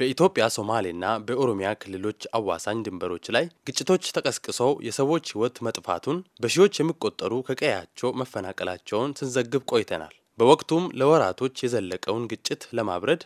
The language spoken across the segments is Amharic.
በኢትዮጵያ ሶማሌና በኦሮሚያ ክልሎች አዋሳኝ ድንበሮች ላይ ግጭቶች ተቀስቅሰው የሰዎች ሕይወት መጥፋቱን በሺዎች የሚቆጠሩ ከቀያቸው መፈናቀላቸውን ስንዘግብ ቆይተናል። በወቅቱም ለወራቶች የዘለቀውን ግጭት ለማብረድ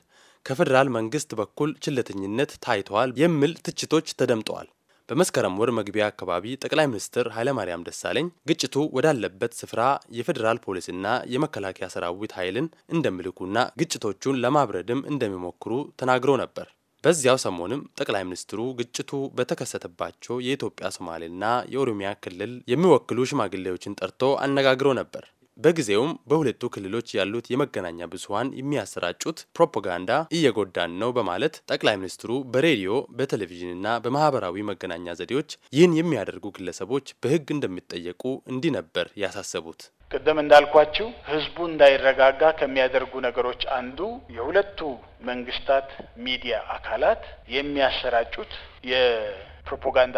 ከፌዴራል መንግስት በኩል ችለተኝነት ታይተዋል የሚል ትችቶች ተደምጠዋል። በመስከረም ወር መግቢያ አካባቢ ጠቅላይ ሚኒስትር ኃይለማርያም ደሳለኝ ግጭቱ ወዳለበት ስፍራ የፌዴራል ፖሊስና የመከላከያ ሰራዊት ኃይልን እንደሚልኩና ግጭቶቹን ለማብረድም እንደሚሞክሩ ተናግሮ ነበር። በዚያው ሰሞንም ጠቅላይ ሚኒስትሩ ግጭቱ በተከሰተባቸው የኢትዮጵያ ሶማሌና የኦሮሚያ ክልል የሚወክሉ ሽማግሌዎችን ጠርቶ አነጋግሮ ነበር። በጊዜውም በሁለቱ ክልሎች ያሉት የመገናኛ ብዙሀን የሚያሰራጩት ፕሮፓጋንዳ እየጎዳን ነው በማለት ጠቅላይ ሚኒስትሩ በሬዲዮ በቴሌቪዥንና በማህበራዊ መገናኛ ዘዴዎች ይህን የሚያደርጉ ግለሰቦች በህግ እንደሚጠየቁ እንዲህ ነበር ያሳሰቡት። ቅድም እንዳልኳችሁ ህዝቡ እንዳይረጋጋ ከሚያደርጉ ነገሮች አንዱ የሁለቱ መንግስታት ሚዲያ አካላት የሚያሰራጩት የፕሮፓጋንዳ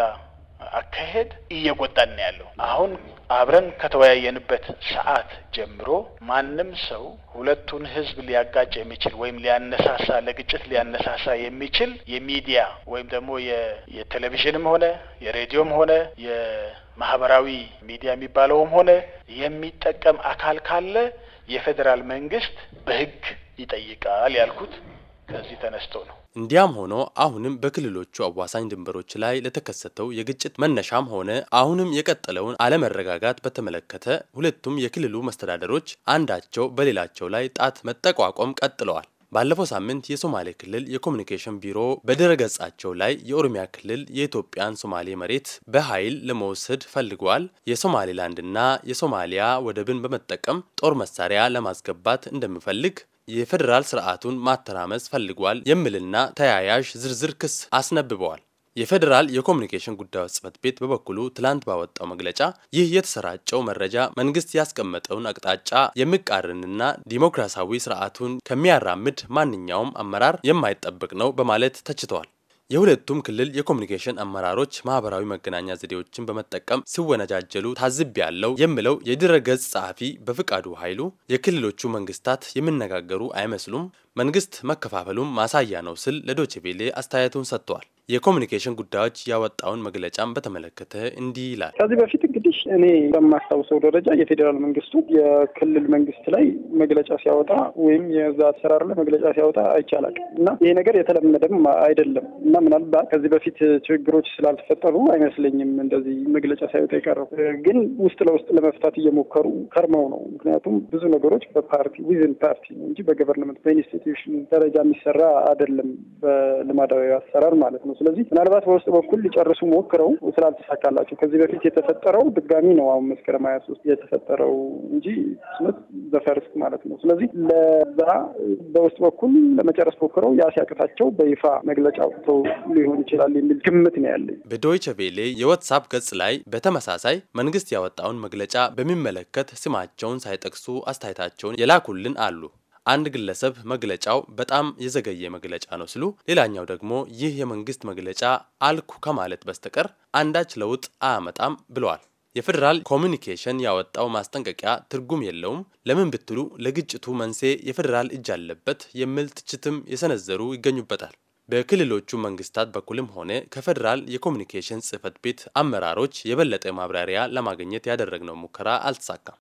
አካሄድ እየጎዳን ያለው። አሁን አብረን ከተወያየንበት ሰዓት ጀምሮ ማንም ሰው ሁለቱን ህዝብ ሊያጋጭ የሚችል ወይም ሊያነሳሳ ለግጭት ሊያነሳሳ የሚችል የሚዲያ ወይም ደግሞ የቴሌቪዥንም ሆነ የሬዲዮም ሆነ የማህበራዊ ሚዲያ የሚባለውም ሆነ የሚጠቀም አካል ካለ የፌዴራል መንግስት በህግ ይጠይቃል ያልኩት ከዚህ ተነስቶ ነው። እንዲያም ሆኖ አሁንም በክልሎቹ አዋሳኝ ድንበሮች ላይ ለተከሰተው የግጭት መነሻም ሆነ አሁንም የቀጠለውን አለመረጋጋት በተመለከተ ሁለቱም የክልሉ መስተዳደሮች አንዳቸው በሌላቸው ላይ ጣት መጠቋቋም ቀጥለዋል። ባለፈው ሳምንት የሶማሌ ክልል የኮሚኒኬሽን ቢሮ በድረገጻቸው ላይ የኦሮሚያ ክልል የኢትዮጵያን ሶማሌ መሬት በኃይል ለመውሰድ ፈልጓል፣ የሶማሌላንድና የሶማሊያ ወደብን በመጠቀም ጦር መሳሪያ ለማስገባት እንደሚፈልግ የፌዴራል ስርዓቱን ማተራመስ ፈልጓል የሚልና ተያያዥ ዝርዝር ክስ አስነብበዋል። የፌዴራል የኮሚኒኬሽን ጉዳዮች ጽህፈት ቤት በበኩሉ ትላንት ባወጣው መግለጫ ይህ የተሰራጨው መረጃ መንግስት ያስቀመጠውን አቅጣጫ የምቃርንና ዲሞክራሲያዊ ስርዓቱን ከሚያራምድ ማንኛውም አመራር የማይጠበቅ ነው በማለት ተችተዋል። የሁለቱም ክልል የኮሚኒኬሽን አመራሮች ማህበራዊ መገናኛ ዘዴዎችን በመጠቀም ሲወነጃጀሉ ታዝብ ያለው የምለው የድረገጽ ጸሐፊ በፍቃዱ ኃይሉ የክልሎቹ መንግስታት የሚነጋገሩ አይመስሉም፣ መንግስት መከፋፈሉም ማሳያ ነው ስል ለዶቼ ቬሌ አስተያየቱን ሰጥተዋል። የኮሚኒኬሽን ጉዳዮች ያወጣውን መግለጫም በተመለከተ እንዲህ ይላል። ከዚህ በፊት እንግዲህ እኔ በማስታውሰው ደረጃ የፌዴራል መንግስቱ የክልል መንግስት ላይ መግለጫ ሲያወጣ ወይም የዛ አሰራር ላይ መግለጫ ሲያወጣ አይቻላል እና ይሄ ነገር የተለመደም አይደለም እና ምናልባት ከዚህ በፊት ችግሮች ስላልተፈጠሩ አይመስለኝም እንደዚህ መግለጫ ሳይወጣ የቀረው ግን ውስጥ ለውስጥ ለመፍታት እየሞከሩ ከርመው ነው። ምክንያቱም ብዙ ነገሮች በፓርቲ ዊዝን ፓርቲ እንጂ በገቨርንመንት በኢንስቲትዩሽን ደረጃ የሚሰራ አይደለም፣ በልማዳዊ አሰራር ማለት ነው። ነው። ስለዚህ ምናልባት በውስጥ በኩል ሊጨርሱ ሞክረው ስላልተሳካላቸው ከዚህ በፊት የተፈጠረው ድጋሚ ነው። አሁን መስከረም ሀያ ሶስት የተፈጠረው እንጂ ስመት ዘፈርስት ማለት ነው። ስለዚህ ለዛ በውስጥ በኩል ለመጨረስ ሞክረው ያ ሲያቅታቸው በይፋ መግለጫ አውጥተው ሊሆን ይችላል የሚል ግምት ነው ያለኝ። በዶይቸ ቬሌ የዋትሳፕ ገጽ ላይ በተመሳሳይ መንግስት ያወጣውን መግለጫ በሚመለከት ስማቸውን ሳይጠቅሱ አስተያየታቸውን የላኩልን አሉ። አንድ ግለሰብ መግለጫው በጣም የዘገየ መግለጫ ነው ሲሉ፣ ሌላኛው ደግሞ ይህ የመንግስት መግለጫ አልኩ ከማለት በስተቀር አንዳች ለውጥ አያመጣም ብለዋል። የፌዴራል ኮሚኒኬሽን ያወጣው ማስጠንቀቂያ ትርጉም የለውም ለምን ብትሉ ለግጭቱ መንስኤ የፌዴራል እጅ አለበት የሚል ትችትም የሰነዘሩ ይገኙበታል። በክልሎቹ መንግስታት በኩልም ሆነ ከፌዴራል የኮሚኒኬሽን ጽህፈት ቤት አመራሮች የበለጠ ማብራሪያ ለማግኘት ያደረግነው ሙከራ አልተሳካም።